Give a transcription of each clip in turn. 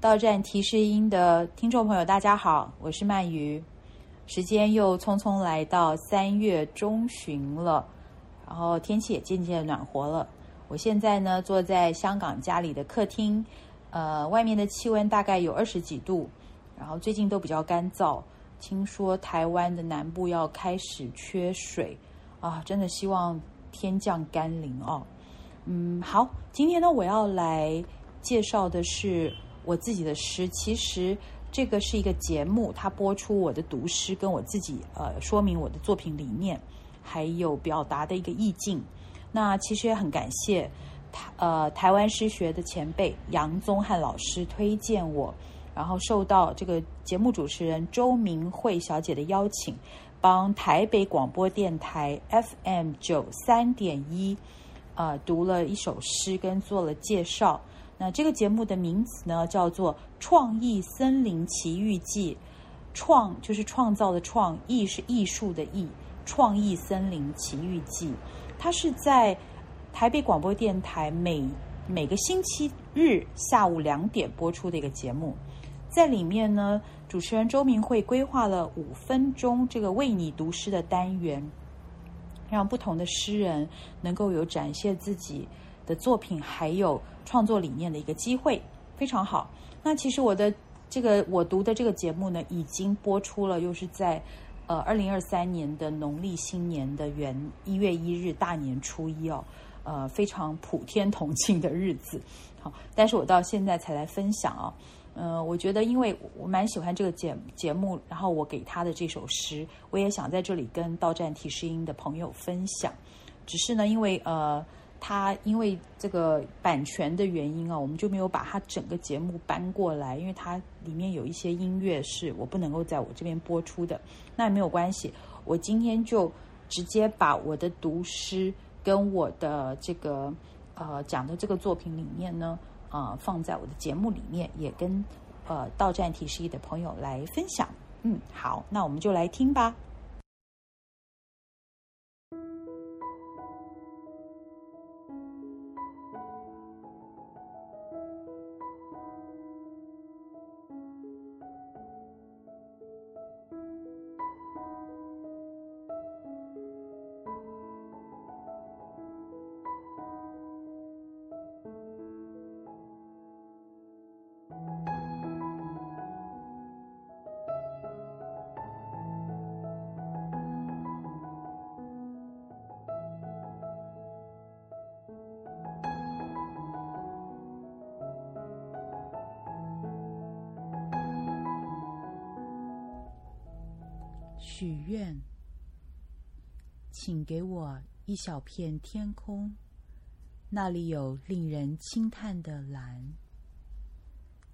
到站提示音的聽眾朋友，大家好，我是漫漁。時間又匆匆來到三月中旬了，然後天氣也漸漸暖和了。我現在呢，坐在香港家裡的客廳，呃，外面的氣溫大概有二十幾度，然後最近都比較乾燥。聽說台灣的南部要開始缺水啊，真的希望天降甘霖哦。嗯，好，今天呢，我要來介紹的是。我自己的詩，其實這個是一個節目，它播出我的讀詩，跟我自己呃說明我的作品理念，還有表達的一個意境。那其實也很感謝台呃台灣詩學的前輩楊宗翰老師推薦我，然後受到這個節目主持人周明慧小姐的邀請，幫台北廣播電台 FM 九三點一啊讀了一首詩，跟做了介紹。那這個節目的名詞呢，叫做《創藝森林奇遇記》，創就是創造的創，藝是藝術的藝。《創藝森林奇遇記》它是在台北廣播電台每每個星期日下午兩點播出的一個節目。在裡面呢，主持人周明慧規劃了五分鐘這個為你讀詩的單元，讓不同的詩人能夠有展現自己的作品還有創作理念的一個機會，非常好。那其實我的這個我讀的這個節目呢，已經播出了，又是在呃二零二三年的農曆新年的元一月一日大年初一哦，呃非常普天同慶的日子。好，但是我到現在才來分享啊、哦。嗯、呃，我覺得因為我蠻喜歡這個節目節目，然後我給他的這首詩，我也想在這裡跟到站提示音的朋友分享。只是呢，因為呃。它因為這個版權的原因啊，我們就沒有把它整個節目搬過來，因為它裡面有一些音樂是我不能夠在我這邊播出的。那也沒有關係，我今天就直接把我的讀詩跟我的這個呃講的這個作品裡面呢，呃放在我的節目裡面，也跟呃到站提示音的朋友來分享。嗯，好，那我們就來聽吧。許願，請給我一小片天空，那裡有令人輕嘆的藍，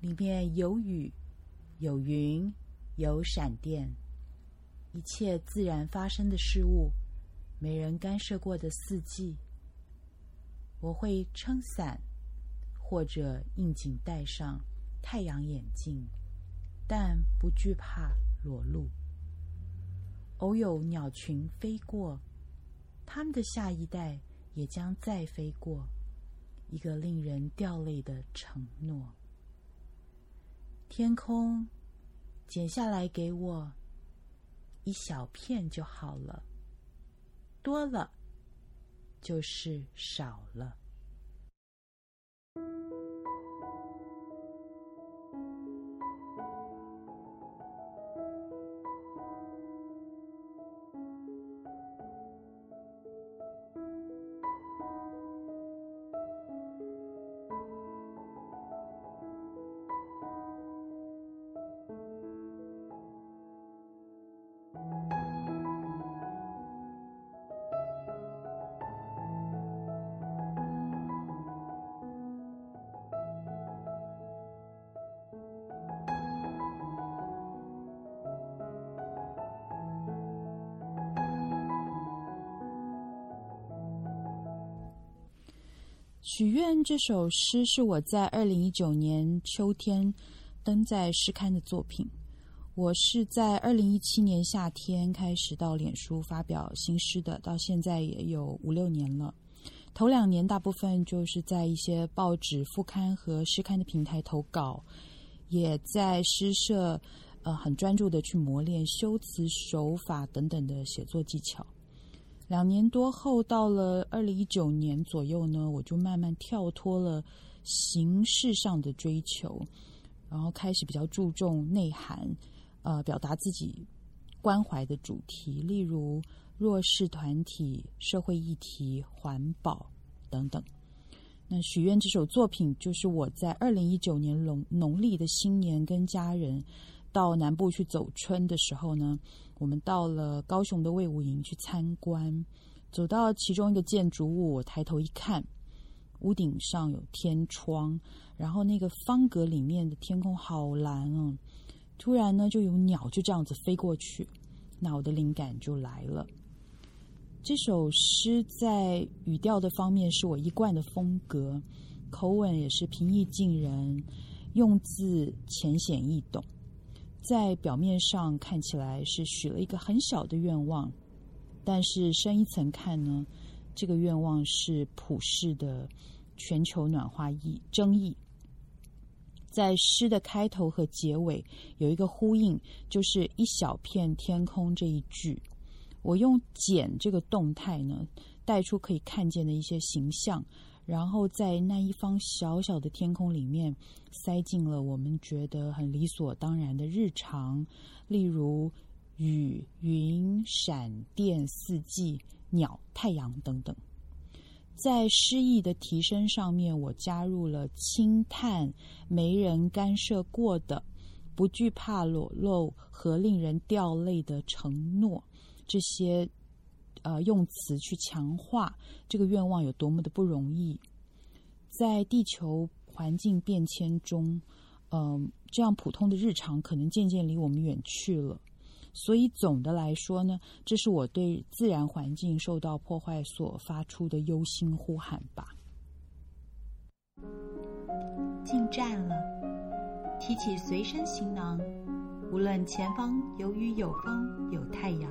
裡面有雨，有雲，有閃電，一切自然發生的事物，沒人干涉過的四季。我會撐傘，或者應景戴上太陽眼鏡，但不懼怕裸露。偶有鳥群飛過，牠們的下一代也將再飛過。一個令人掉淚的承諾。天空，剪下來給我一小片就好了，多了就是少了。《許願》這首詩是我在二零一九年秋天登在詩刊的作品。我是在二零一七年夏天開始到臉書發表新詩的，到現在也有五六年了。頭兩年大部分就是在一些報紙副刊和詩刊的平台投稿，也在詩社呃很專注的去磨練修辭手法等等的寫作技巧。兩年多後，到了二零一九年左右呢，我就慢慢跳脫了形式上的追求，然後開始比較注重內涵，呃，表達自己關懷的主題，例如弱勢團體、社會議題、環保等等。那《許願》這首作品，就是我在二零一九年農曆的新年跟家人，到南部去走春的時候呢，我們到了高雄的衛武營去參觀。走到其中一個建築物，我抬頭一看，屋頂上有天窗，然後那個方格裡面的天空好藍哦。突然呢，就有鳥就這樣子飛過去，那我的靈感就來了。這首詩在語調的方面是我一貫的風格，口吻也是平易近人，用字淺顯易懂。在表面上看起來是許了一個很小的願望，但是深一層看呢，這個願望是普世的全球暖化意爭議。在詩的開頭和結尾有一個呼應，就是“一小片天空”這一句。我用“剪”這個動態呢，帶出可以看見的一些形象。然後在那一方小小的天空裡面，塞進了我們覺得很理所當然的日常，例如雨、雲、閃電、四季、鳥、太陽等等。在詩意的提升上面，我加入了輕嘆、沒人干涉過的、不懼怕裸露和令人掉淚的承諾，這些。呃，用詞去強化這個願望有多麼的不容易，在地球環境變遷中，嗯、呃，這樣普通的日常可能漸漸離我們遠去了。所以總的來說呢，這是我對自然環境受到破壞所發出的憂心呼喊吧。進站了，提起隨身行囊，無論前方有雨有風有太陽，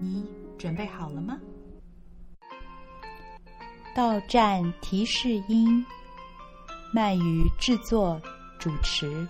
你。準備好了嗎？到站提示音，漫漁製作主持。